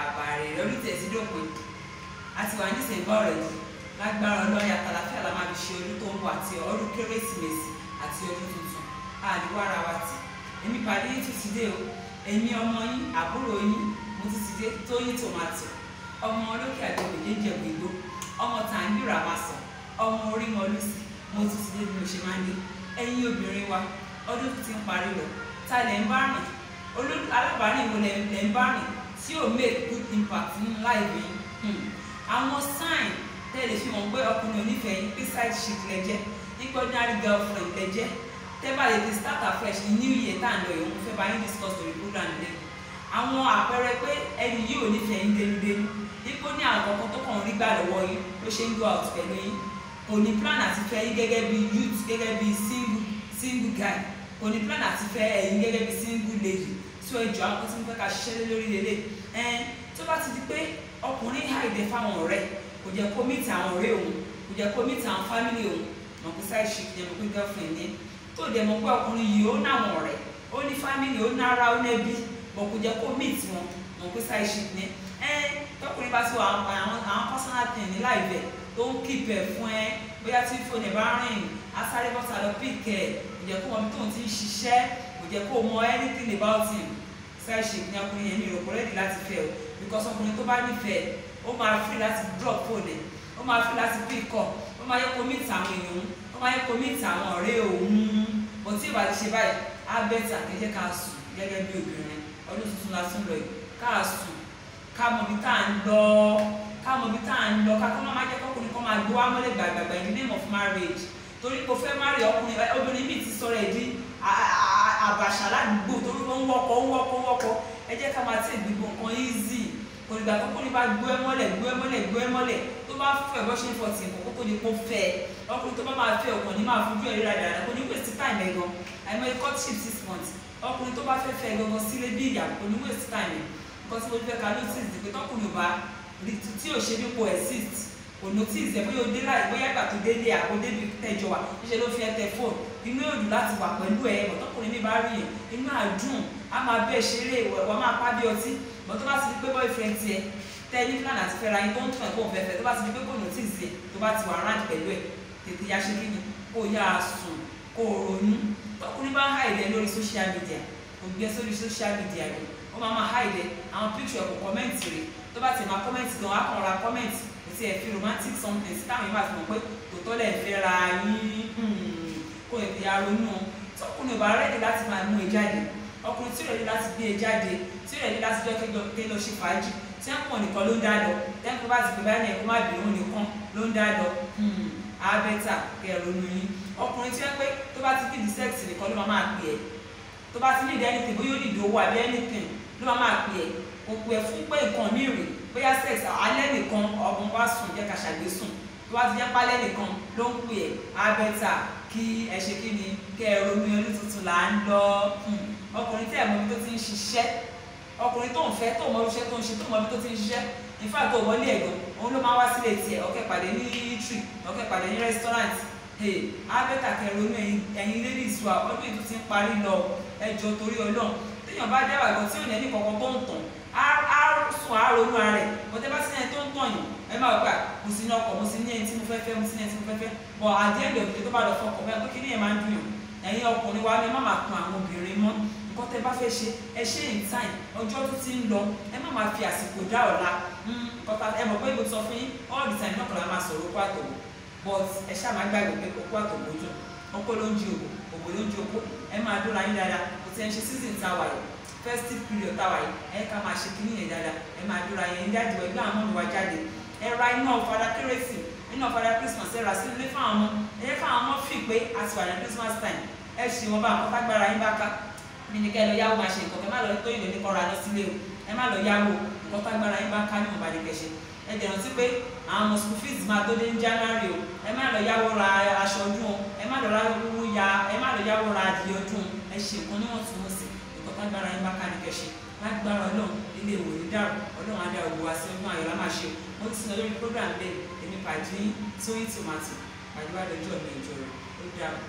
àbàrè lórí tẹ̀sí dòpin a ti wà ní sèǹbọ̀ lágbára ọlọ́yà àtàlàfíà la máa fi ṣe ọdún tó ń bọ̀ àti ọdún kérésìmesì àti ọdún tuntun àdìwọ́ ara wa tì èmi pàdé yìí ti dé o èmi ọmọ yín àbúrò yín mo tún ti dé Tóyìn Tòmátò ọmọ olókè àgbègbè jẹjẹ gbogbo ọmọ tàǹdìrà máa sọ ọmọ orí mọ lùsì mo tún ti dé bí mo ṣe máa ń dé obìnrin wa ọdún ti parí lọ ta lẹ ń bá rìn alábàárìn wo lẹ ń bá rìn tí ò make good impact ní láìwé hmm. àwọn sign tẹ́ lè fi hàn pé ọkùnrin onífẹ̀ẹ́ yín pé side chick lẹ jẹ́ nípa ordinary girlfriend lẹ jẹ́ tẹ́ bá lè fi start afresh ní new year tá à ń lọ yìí òun fẹ́ bá yín discuss lórí program lẹ àwọn àpẹẹrẹ pé ẹni yìí ò nífẹ̀ẹ́ yín dénúdénú nípa ní àwọn kankan tó kàn rí gbà lọ́wọ́ yín ló ṣe ń go out pẹ̀lú yín kò ní plan àti fẹ́ yín gẹ́gẹ́ bí youth gẹ́gẹ́ bí single single guy kò ní plan àti fẹ́ ẹ̀yin gẹ́gẹ́ bí single lady tó ẹjọ́ àwọn tí mo fẹ́ ká ṣiṣẹ́ lórí lélẹ̀ ẹn tó bá ti di pé ọkùnrin àìdẹ fáwọn ọ̀rẹ́ kò jẹ́ kó mìtì àwọn ọ̀rẹ́ òun kò jẹ́ kó mìtì àwọn fámìlì òun mọ̀ pé sáì ṣì jẹ́ mọ̀ pé girlfriend ni tó dẹ̀ mọ̀ pé ọkùnrin yìí ó ní àwọn ọ̀rẹ́ ó ní fámìlì ó ní ara ó ní ẹbí mọ̀ kò jẹ́ kó mìtì wọn mọ̀ pé sáì ṣì ni ẹn tọkùnrin bá ti wà àwọn personal thing bóyá tí fóònù ẹ̀ bá rìn asáré bọ́ta lọ píìkì ẹ̀ kò jẹ́ kó mọ ibi tóun ti ń ṣiṣẹ́ kò jẹ́ kó mọ anything about him sáré ṣe ìpínyà ọkùnrin yẹn mi ò kò rẹ́dì láti fẹ́ o because ọkùnrin tó bá nífẹ̀ẹ́ ó máa fi láti drop phone. ẹ̀ ó máa fi láti pick up ó máa yẹ kó meet àwọn èèyàn ó máa yẹ kó meet àwọn ọ̀rẹ́ òun mo tí ìbá ti ṣe báyìí á bẹ́tà kí jẹ́ ká sùn gẹ́gẹ́ bí obìnrin ọdún tuntun la tún lọ yìí ká sùn ká mọ ibi tá à ń lọ ká mọ ibi tá à ń lọ ká kó má má jẹ́ kọ́kùnrin kan máa gbó wá mọ́lẹ̀ gbàgbàgbà in the name of marriage torí kò fẹ́ má rí ọkùnrin obìnrin míì ti sọ̀rọ̀ ẹ̀ di àbàṣà ládùúgbò torí ó ń wọ́kọ̀ ń wọ́kọ̀ ń wọ́kọ̀ ẹ jẹ́ ká máa tẹ̀ gbogbo nǹkan easy kò nígbà kọ́kùnrin bá gbó ẹ mọ́lẹ̀ gbó ẹ mọ́lẹ̀ gbó ẹ mọ́lẹ̀ tó bá fẹ́ bọ́ ṣe ń fọ̀ tì nǹkan kókó ni kó fẹ́ ọkùnrin tó bá máa fẹ́ ọkàn ní máa fojú ẹ̀ ríra dáadáa kò ní waste time ẹ̀ gan àìmọ́ courtship six months ọkùnrin tó bá fẹ́ fẹ́ gangan sílé bí ìyàwó kò ní waste time ẹ̀ nǹkan tí mo fẹ́ ka ló ti dì pé tọkùnrin ò bá tí ò ṣe bí kò exist kò notice ẹ bóyá o dé láì bóyá ìgbà tó délé àbó débi tẹjọ wà níṣẹ ló fi ẹ tẹ fóònù inú òdù láti wà pẹ̀lú ẹ ọ̀tọ́kùnrin mi bá rí ẹ inú àdùn á máa bẹ́ẹ̀ ṣeré ìwà máa pa bí ọtí bọ́n tó bá ti di pé boyfriend tiẹ̀ tẹ́lí plan àti fẹ́ra yín tó ń tún ẹ̀kọ́ òfẹ́fẹ́ tó bá ti di pé kò notice ẹ tó bá ti wà round pẹ̀lú ẹ tètè yá ṣe kí ni kó yára sùn kó ronú tọkùnrin bá ń háìdẹ lórí social media ògbẹ́ sórí social media rẹ̀ àwọn picture kò comment rẹ̀ tó bá ti máa comment gan wá kàn ra comment kò sí ẹ fi romantic something sí táwọn yóò bá ti mọ̀ pé kò tọ́ lẹ̀ fẹ́ ra yín hmm, kò lè fi aronú tọkùnrin ò bá rẹ́ẹ̀dì láti máa mú e jáde ọkùnrin tí ò rẹ̀ẹ́dì láti gbé e jáde tí ò rẹ̀ẹ́dì láti jọ pé lọ ṣe fàájì tí wọ́n pọ̀ nìkan ló ń dá lọ tẹ́kùn bá ti pè báyìí ẹ̀kọ́ má bìrún nìkan ló ń dá lọ hmm, abẹ́tà kẹrònú yín ọkùnrin tí wọ́n pé tó bá ti kí di sẹ́ẹ̀sì nìkan ló máa máa pè é tó bá ti ní ìdí anything bóyá ó ní ìdí àbí anything ló máa máa pè é kò pè é fún pé nǹkan mi rè bóyá sex alẹ́ nìkan ọ̀gbun wá sùn jẹ́ ká ṣàgbé sùn tó bá ti jẹ́ pálẹ́ nìkan ló ń pè é abẹ́ta kí ẹ ṣe kí ni kẹ́ ẹ ronú orí tuntun là ń lọ hmm. ọkùnrin tí ẹ̀mọ́ mi tó ti ń ṣiṣẹ́ ọkùnrin tó ń fẹ́ tó mọ iṣẹ́ tó ń ṣe tó mọ ibi tó ti ń ṣiṣẹ́ in fact tó wọlé ẹ̀gbọ́n òun ló máa wá sílé tiẹ̀ ọ̀kẹ́ pàdé ní tree ọ̀kẹ́ pàdé ní restaurant hey abẹ́ta kẹ́ ronú ẹ̀yin ladies wa ọdún ètò ti ń parí lọ ẹjọ́ torí Ọlọ́run téèyàn bá jẹ́ àgbà tí ò ní ẹni kankan tó ń tàn á sùn á ronú ara rẹ̀ bọ́tẹ́ bá sí ẹni tó ń tàn yìí ẹ máa gbà mo sì ní ọkọ̀ mo sì ní ẹni tí mo fẹ́ fẹ́ mo sì ní ẹni tí mo fẹ́ fẹ́ bọ̀ àdéhùn èdè tó bá lọ fọkọ̀ bẹ́ẹ̀ pé kí ni ẹ̀ máa ń dùn yàn ẹ̀yin ọkùnrin wa ni ẹ má máa kun àwọn obìnrin mọ́ nǹkan tẹ́ bá fẹ́ ṣe ẹ ṣe in time ọjọ́ tó ti ń lọ ẹ má máa fi àsìkò dá ọ̀la hmm, kọta ẹ mọ̀ pé mo sọ fún yín all the time náà kọ̀ọ̀la máa sọ̀rọ̀ okó àtọ̀wò but ẹ ṣáà máa gbàgbé pé okó àtọ̀wò jù ọkọ ló ń jí òkò òkò ló ń jí okó ẹ máa dúró ayé dáadáa tí ẹ ń ṣe season táwa yìí festive period táwa yìí ẹ ká máa ṣe kíní yẹn dáadáa ẹ máa dúra yẹn jáde ẹgbẹ́ àwọn ọmọ wa jáde ẹ iná ọ̀fadà kérésì iná ọ̀fadà christmas ẹ sí ilé fún àwọn ẹ fún àwọn ọmọ fi pé a ti wà ní christmas time ẹ ṣì wọn bá nǹkan tágbára yín bá ká mi ní kẹ́ yáwó máa ṣe nǹkan kẹ́ má lọ tó ìlú ní kọ́ra lọ sílé o ẹ má lọ yáwó nǹkan tágbára yín bá ká ní ìwọ̀nba ní kẹ̀ṣẹ̀ ẹ rántí pé àwọn ọmọ school fees máa tó dé ní january o ẹ má lọ yáwó ra aṣọ ọdún o ẹ má lọ yáwó ra adìyẹ ọdún ẹ ṣe nǹkan níwọ̀ntúnwọ̀nsì nǹkan tágbára yín bá ká ní kẹṣe lágbára ọlọ́run ilé ìwò ní dàrú ọlọ́run adá òwò àti ọgbọ́n ayọ̀ lámà ṣe mo ti sọ lórí program bẹ́ẹ̀ èmi pàdé Tóyìn Tòmátò pàdé wà lọ́jọ́ mi ìjọ rẹ̀ ó dàrú.